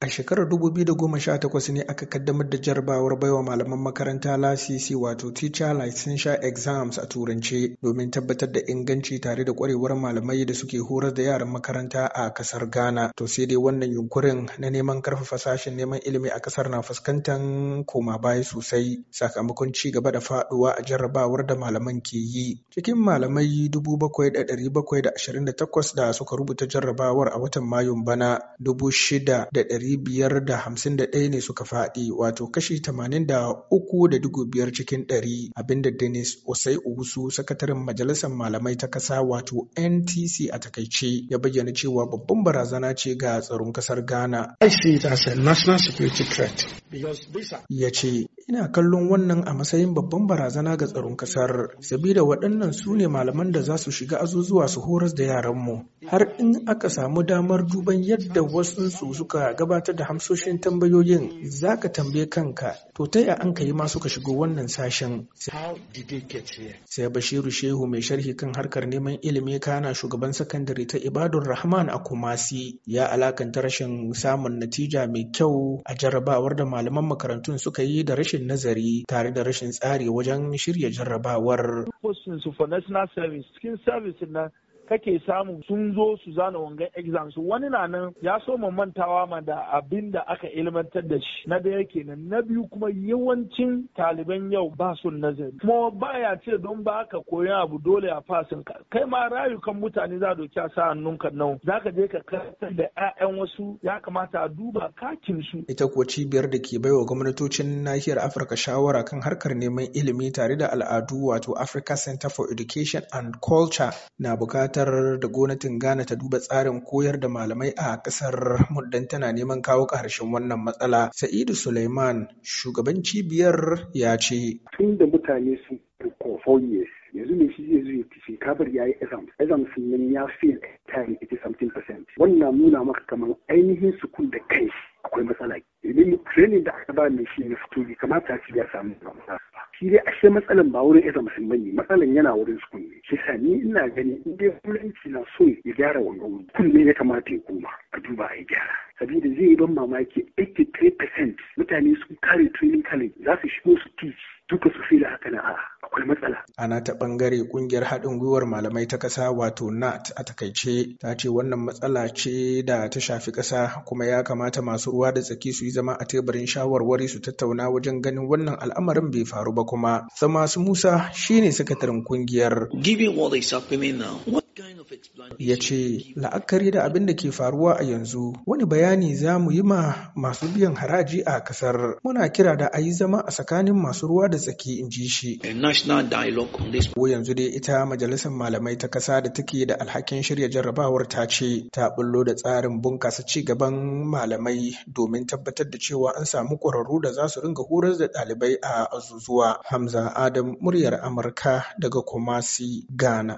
A shekarar 2018 ne aka kaddamar da jarrabawar baiwa malaman makaranta lasisi wato teacher licensure exams a turance domin tabbatar da inganci tare da kwarewar malamai da suke horar da yaran makaranta a kasar Ghana. To sai dai wannan yunkurin na neman karfafa sashen neman ilimi a kasar na fuskantar koma baya sosai sakamakon ci gaba da faduwa a jarabawar da malaman ke yi. Cikin malamai 7,728 da suka rubuta jarrabawar a watan Mayun bana 6,000 ɗari biyar da hamsin da ɗaya ne suka faɗi wato kashi tamanin cikin ɗari abinda Dennis Osei Owusu sakataren majalisar malamai ta ƙasa wato NTC a takaice ya bayyana cewa babban barazana ce ga tsaron ƙasar Ghana. I see it as national security threat. Ya ce, Ina kallon wannan a matsayin babban barazana ga tsaron kasar, sabida waɗannan su ne malaman da za su shiga azuzuwa su horas da yaranmu. Har in aka samu damar duban yadda wasu su suka gabatar da hamsoshin tambayoyin za ka tambaye kanka, to ta ya an yi ma suka shigo wannan sashen. Sai Bashiru Shehu mai sharhi kan harkar neman ilimi kana shugaban sakandare ta Ibadun Rahman a Kumasi ya alakanta rashin samun natija mai kyau a jarabawar da malaman makarantun suka yi da rashin rashin nazari tare da rashin tsari wajen shirya jarrabawar. su for national service cikin service na kake samu sun zo su zana wangan exams wani na nan ya so mu mantawa ma da abin da aka ilmantar da shi na daya kenan na biyu kuma yawancin taliban yau ba su nazari kuma ba ya ce don ba ka koyi abu dole a fasin ka kai ma rayukan mutane za doki a sa hannun ka nan za ka je ka karantar da 'ya'yan wasu ya kamata a duba kakin su ita kuwa cibiyar da ke baiwa gwamnatocin nahiyar Afirka shawara kan harkar neman ilimi tare da al'adu wato Africa Center for Education and Culture na bukatar da gwamnatin Ghana ta duba tsarin koyar da malamai a kasar muddan tana neman kawo ƙarshen wannan matsala. Sa'idu Suleiman shugaban cibiyar ya ce. Tun da mutane sun yanzu ne shi zai zuwa ya tafi kabar ya yi exam sun nan ya fail time 80 percent wannan nuna maka kamar ainihin sukun da kai akwai matsala domin training da aka ba mai shi na fito bai kamata shi ya samu ba shi dai ashe matsalan ba wurin ita mutum bane matsalan yana wurin su kunne shi sa ina gani in dai gwamnati na so ya gyara wannan wuri kunne ya kamata ya koma a duba a gyara sabida zai yi ban mamaki 83% mutane sun kare training college za su shigo su teach duka su fi da haka na a'a akwai matsala. Ana ta ɓangare, ƙungiyar haɗin gwiwar malamai ta ƙasa wato NAT a takaice ta ce wannan matsala ce da ta shafi ƙasa kuma ya kamata masu ruwa da tsaki su yi zama a teburin shawarwari su tattauna wajen ganin wannan al'amarin bai faru ba kuma. Sama su Musa shine sakataren kungiyar. ya ce la'akari da abin da ke faruwa a yanzu wani bayani za mu yi ma masu biyan haraji a kasar muna kira da a yi zama a tsakanin masu ruwa da tsaki in ji shi ko yanzu dai ita majalisar malamai ta kasa da take da alhakin shirya jarrabawar ta ce ta bullo da tsarin bunkasa ci gaban malamai domin tabbatar da cewa an samu ƙwararru da za su ringa horar da ɗalibai a azuzuwa hamza adam muryar amurka daga kumasi ghana